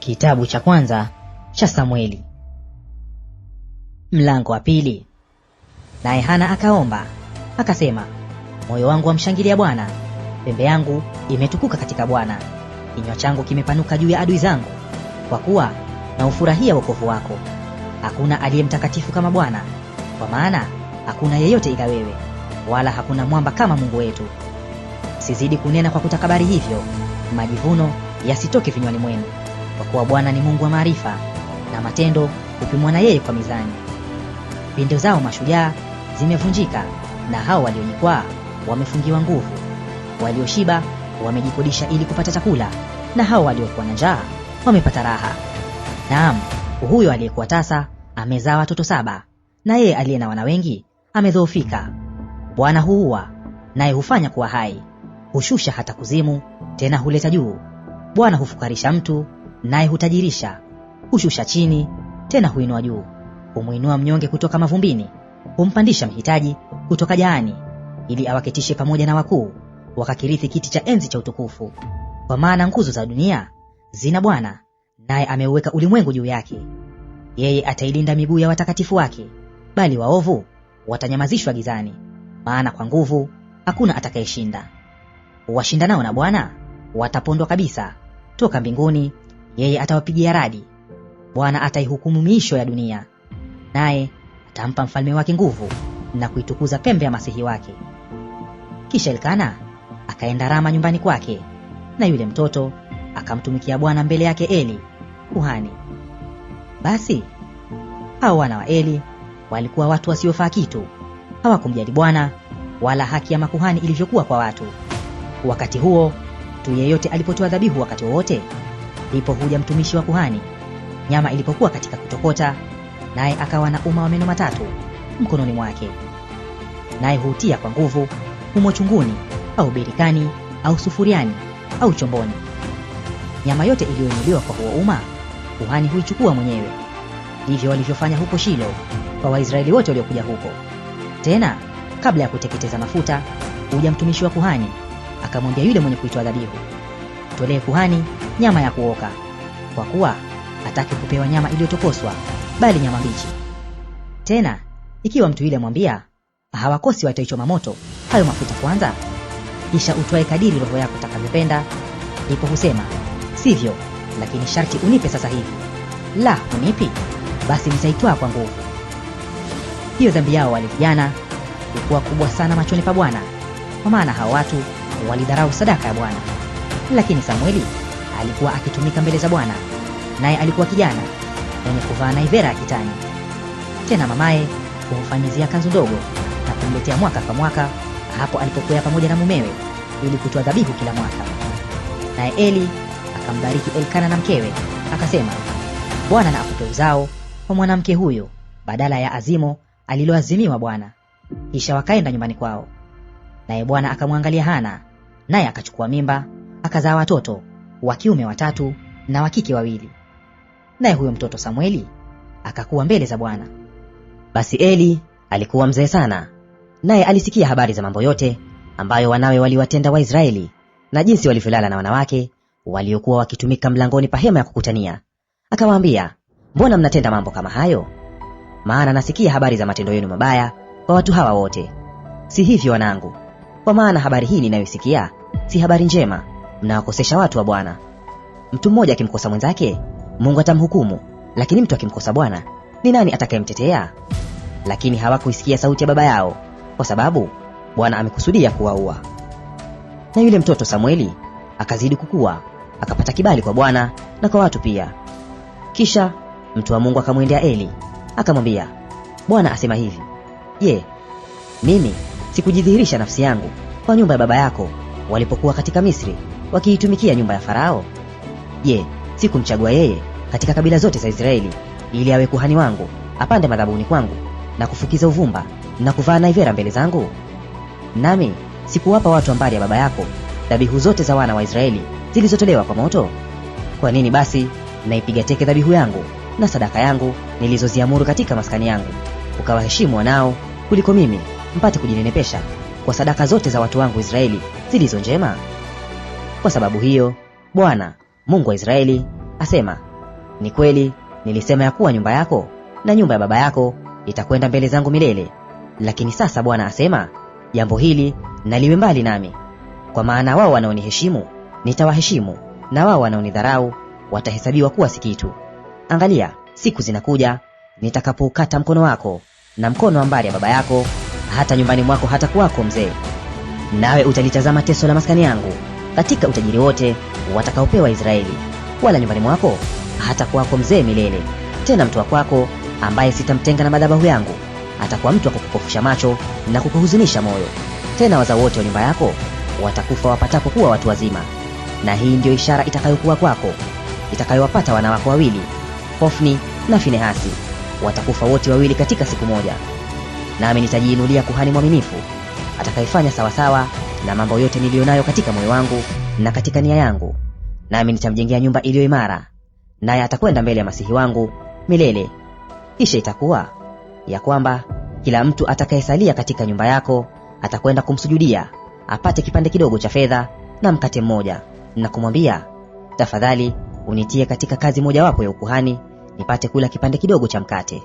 Kitabu cha kwanza cha Samueli mlango wa pili. Naye Hana akaomba akasema, moyo wangu wamshangilia Bwana, pembe yangu imetukuka katika Bwana, kinywa changu kimepanuka juu ya adui zangu, kwa kuwa naufurahia wokovu wako. Hakuna aliye mtakatifu kama Bwana, kwa maana hakuna yeyote ila wewe, wala hakuna mwamba kama Mungu wetu. Sizidi kunena kwa kutakabari hivyo, majivuno yasitoke vinywani mwenu kwa kuwa Bwana ni Mungu wa maarifa, na matendo hupimwa na yeye kwa mizani. pindo zao mashujaa zimevunjika, na hao walionyikwaa wamefungiwa nguvu. Walioshiba wamejikodisha ili kupata chakula, na hao waliokuwa na njaa wamepata raha. Naam, huyo aliyekuwa tasa amezaa watoto saba, na yeye aliye na wana wengi amedhoofika. Bwana huua, naye hufanya kuwa hai, hushusha hata kuzimu, tena huleta juu. Bwana hufukarisha mtu naye hutajirisha, hushusha chini tena huinua juu, humwinua mnyonge kutoka mavumbini, humpandisha mhitaji kutoka jaani, ili awaketishe pamoja na wakuu, wakakirithi kiti cha enzi cha utukufu. Kwa maana nguzo za dunia zina Bwana, naye ameuweka ulimwengu juu yake. Yeye atailinda miguu ya watakatifu wake, bali waovu watanyamazishwa gizani. Maana kwa nguvu hakuna atakayeshinda. washinda nao na Bwana watapondwa kabisa toka mbinguni yeye atawapigia radi. Bwana ataihukumu miisho ya dunia, naye atampa mfalme wake nguvu na kuitukuza pembe ya masihi wake. Kisha Elkana akaenda Rama nyumbani kwake, na yule mtoto akamtumikia Bwana mbele yake Eli kuhani. Basi hao wana wa Eli walikuwa watu wasiofaa kitu, hawakumjali Bwana wala haki ya makuhani ilivyokuwa kwa watu. Wakati huo mtu yeyote alipotoa dhabihu wakati wowote huja mtumishi wa kuhani, nyama ilipokuwa katika kutokota, naye akawa na uma wa meno matatu mkononi mwake, naye huutia kwa nguvu humo chunguni au berikani au sufuriani au chomboni. Nyama yote iliyoinuliwa kwa huo uma kuhani huichukua mwenyewe. Ndivyo walivyofanya huko Shilo kwa Waisraeli wote waliokuja huko. Tena kabla ya kuteketeza mafuta, huja mtumishi wa kuhani akamwambia yule mwenye kuitwa dhabihu, tolee kuhani nyama ya kuoka, kwa kuwa hataki kupewa nyama iliyotokoswa, bali nyama mbichi. Tena ikiwa mtu yule amwambia, hawakosi wataichoma moto hayo mafuta kwanza, kisha utwae kadiri roho yako takavyopenda ndipo husema sivyo, lakini sharti unipe sasa hivi, la unipi basi nitaitwaa kwa nguvu. Hiyo dhambi yao walivijana vijana ilikuwa kubwa sana machoni pa Bwana, kwa maana hawa watu walidharau sadaka ya Bwana. Lakini Samueli alikuwa akitumika mbele za Bwana, naye alikuwa kijana mwenye kuvaa naivera ya kitani. Tena mamaye humfanyizia kanzu ndogo na kumletea mwaka kwa mwaka hapo alipokwea pamoja na mumewe ili kutoa dhabihu kila mwaka. Naye Eli akambariki Elkana na mkewe akasema, Bwana na akupe uzao kwa mwanamke huyo badala ya azimo aliloazimiwa Bwana. Kisha wakaenda nyumbani kwao, naye Bwana akamwangalia Hana, naye akachukua mimba akazaa watoto wa kiume watatu na wa kike wawili. Naye huyo mtoto Samueli akakuwa mbele za Bwana. Basi Eli alikuwa mzee sana, naye alisikia habari za mambo yote ambayo wanawe waliwatenda Waisraeli na jinsi walivyolala na wanawake waliokuwa wakitumika mlangoni pa hema ya kukutania. Akawaambia, mbona mnatenda mambo kama hayo? Maana nasikia habari za matendo yenu mabaya kwa watu hawa wote. Si hivyo wanangu, kwa maana habari hii ninayoisikia si habari njema, mnawakosesha watu wa Bwana. Mtu mmoja akimkosa mwenzake Mungu atamhukumu, lakini mtu akimkosa Bwana ni nani atakayemtetea? Lakini hawakuisikia sauti ya baba yao, kwa sababu Bwana amekusudia kuwaua. Na yule mtoto Samueli akazidi kukua, akapata kibali kwa Bwana na kwa watu pia. Kisha mtu wa Mungu akamwendea Eli akamwambia, Bwana asema hivi, je, mimi sikujidhihirisha nafsi yangu kwa nyumba ya baba yako walipokuwa katika Misri wakiitumikia nyumba ya Farao? Je, si kumchagua yeye katika kabila zote za Israeli ili awe kuhani wangu, apande madhabuni kwangu na kufukiza uvumba na kuvaa naivera mbele zangu? Nami sikuwapa watu ambari ya baba yako dhabihu zote za wana wa Israeli zilizotolewa kwa moto? Kwa nini basi naipiga teke dhabihu yangu na sadaka yangu nilizoziamuru katika maskani yangu, ukawaheshimu wanao kuliko mimi, mpate kujinenepesha kwa sadaka zote za watu wangu Israeli zilizo njema? Kwa sababu hiyo Bwana Mungu wa Israeli asema, ni kweli nilisema ya kuwa nyumba yako na nyumba ya baba yako itakwenda mbele zangu milele, lakini sasa Bwana asema, jambo hili naliwe mbali nami, kwa maana wao wanaoniheshimu nitawaheshimu, na wao wanaonidharau watahesabiwa kuwa si kitu. Angalia, siku zinakuja nitakapoukata mkono wako na mkono wa mbari ya baba yako, hata nyumbani mwako hatakuwako mzee, nawe utalitazama teso la maskani yangu katika utajiri wote watakaopewa Israeli, wala nyumbani mwako hatakuwako mzee milele. Tena mtu wa kwako ambaye sitamtenga na madhabahu yangu atakuwa mtu wa kukupofusha macho na kukuhuzunisha moyo. Tena wazao wote wa nyumba yako watakufa wapatapo kuwa watu wazima, na hii ndiyo ishara itakayokuwa kwako itakayowapata wana wako wawili, Hofni na Finehasi, watakufa wote wawili katika siku moja. Nami nitajiinulia kuhani mwaminifu atakayefanya sawasawa na mambo yote niliyo nayo katika moyo wangu na katika nia yangu, nami nitamjengea nyumba iliyo imara, naye atakwenda mbele ya masihi wangu milele. Kisha itakuwa ya kwamba kila mtu atakayesalia katika nyumba yako atakwenda kumsujudia, apate kipande kidogo cha fedha na mkate mmoja, na kumwambia, tafadhali unitie katika kazi mojawapo ya ukuhani, nipate kula kipande kidogo cha mkate.